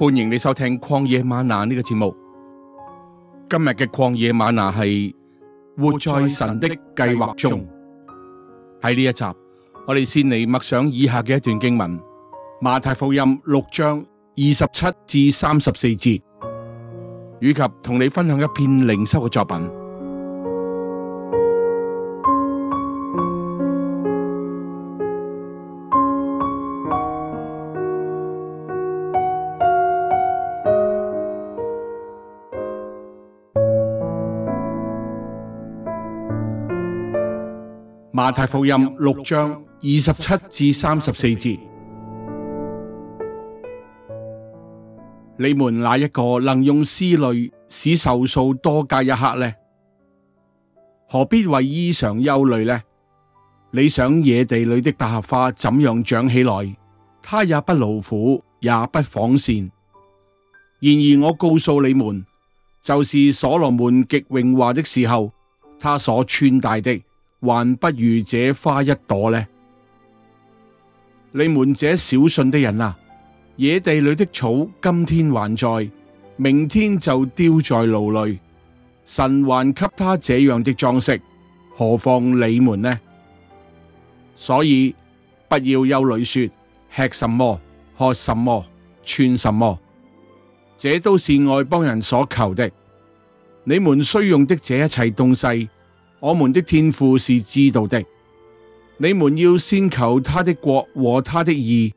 歡迎你收聽曠野嗎哪呢個節目。今日嘅曠野嗎哪係活在神的計劃中。喺呢一集，我哋先嚟默想以下嘅一段經文：馬太福音六章二十七至三十四節，以及同你分享一篇靈修嘅作品。馬太福音六章二十七至三十四節： 你們哪一個能用思慮使壽數多加一刻呢？何必為衣裳憂慮呢？你想野地裏的百合花怎樣長起來？它也不勞苦，也不紡線。然而我告訴你們，就是所羅門極榮華的時候，他所穿戴的，還不如這花一朵呢？你們這小信的人啊，野地裏的草今天還在，明天就丟在爐裏。神還給他這樣的裝飾，何況你們呢？所以不要憂慮，說吃什麼，喝什麼，穿什麼，這都是外邦人所求的。你們需用的這一切東西。我們的天父是知道的，你們要先求他的國和他的義，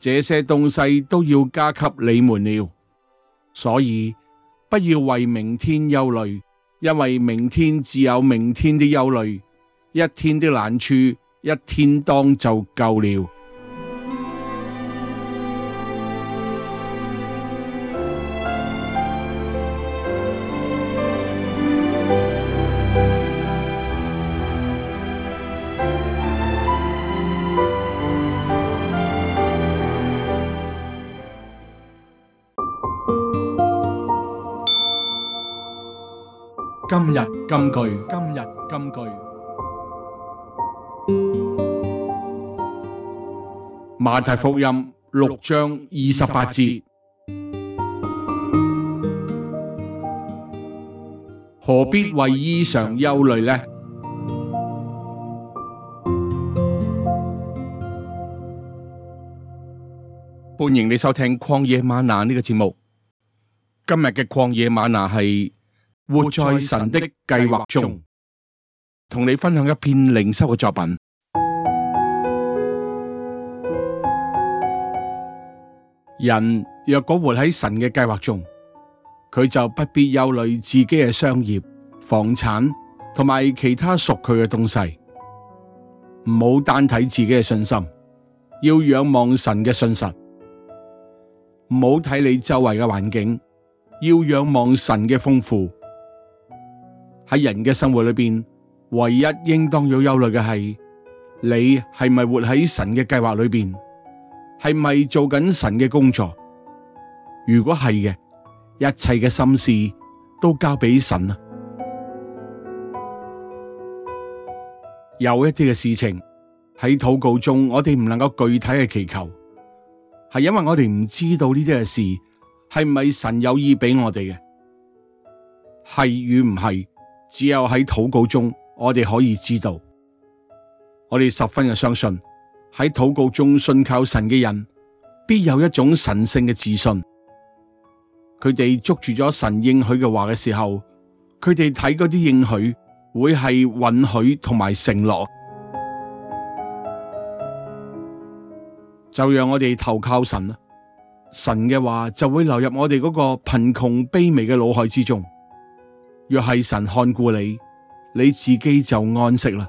這些東西都要加給你們了。所以不要為明天憂慮，因為明天自有明天的憂慮，一天的難處一天當就夠了。今日金句，今日金句。馬太福音六章二十八節，何必為衣裳憂慮呢？歡迎你收聽曠野嗎哪呢個節目。今日嘅曠野嗎哪係。活在神的計劃中，同你分享一篇靈修嘅作品。人若果活喺神嘅計劃中，佢就不必憂慮自己嘅商業、房產同埋其他屬佢嘅東西。唔好單睇自己嘅信心，要仰望神嘅信實。唔好睇你周圍嘅環境，要仰望神嘅豐富。喺人嘅生活裏邊，唯一應當有憂慮嘅係，你係咪活喺神嘅計劃裏邊？係咪做緊神嘅工作？如果係嘅，一切嘅心思都交俾神啊！ 有一啲嘅事情喺禱告中，我哋唔能夠具體嘅祈求，係因為我哋唔知道呢啲嘅事係咪神有意俾我哋嘅，係與唔係？只有喺禱告中，我哋可以知道，我哋十分嘅相信喺禱告中信靠神嘅人，必有一種神聖嘅自信。佢哋捉住咗神應許嘅話嘅時候，佢哋睇嗰啲應許會係允許同埋承諾。就讓我哋投靠神啦，神嘅話就會流入我哋嗰個貧窮卑微嘅腦海之中。若係神看顧你，你自己就安息喇。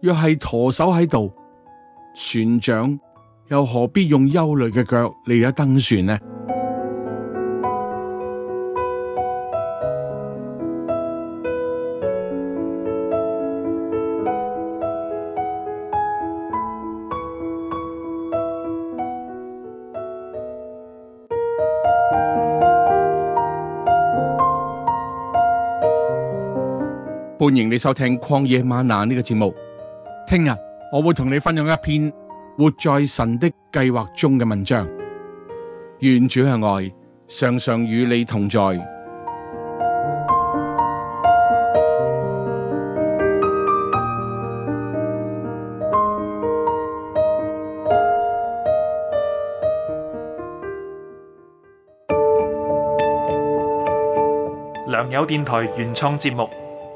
若是舵手喺度，船長又何必用憂慮嘅腳嚟咗登船呢？歡迎你收聽曠野嗎哪呢個節目。聽日我會同你分享一篇活在神的計劃中嘅文章。願主嘅愛常常與你同在。良友電台原創節目。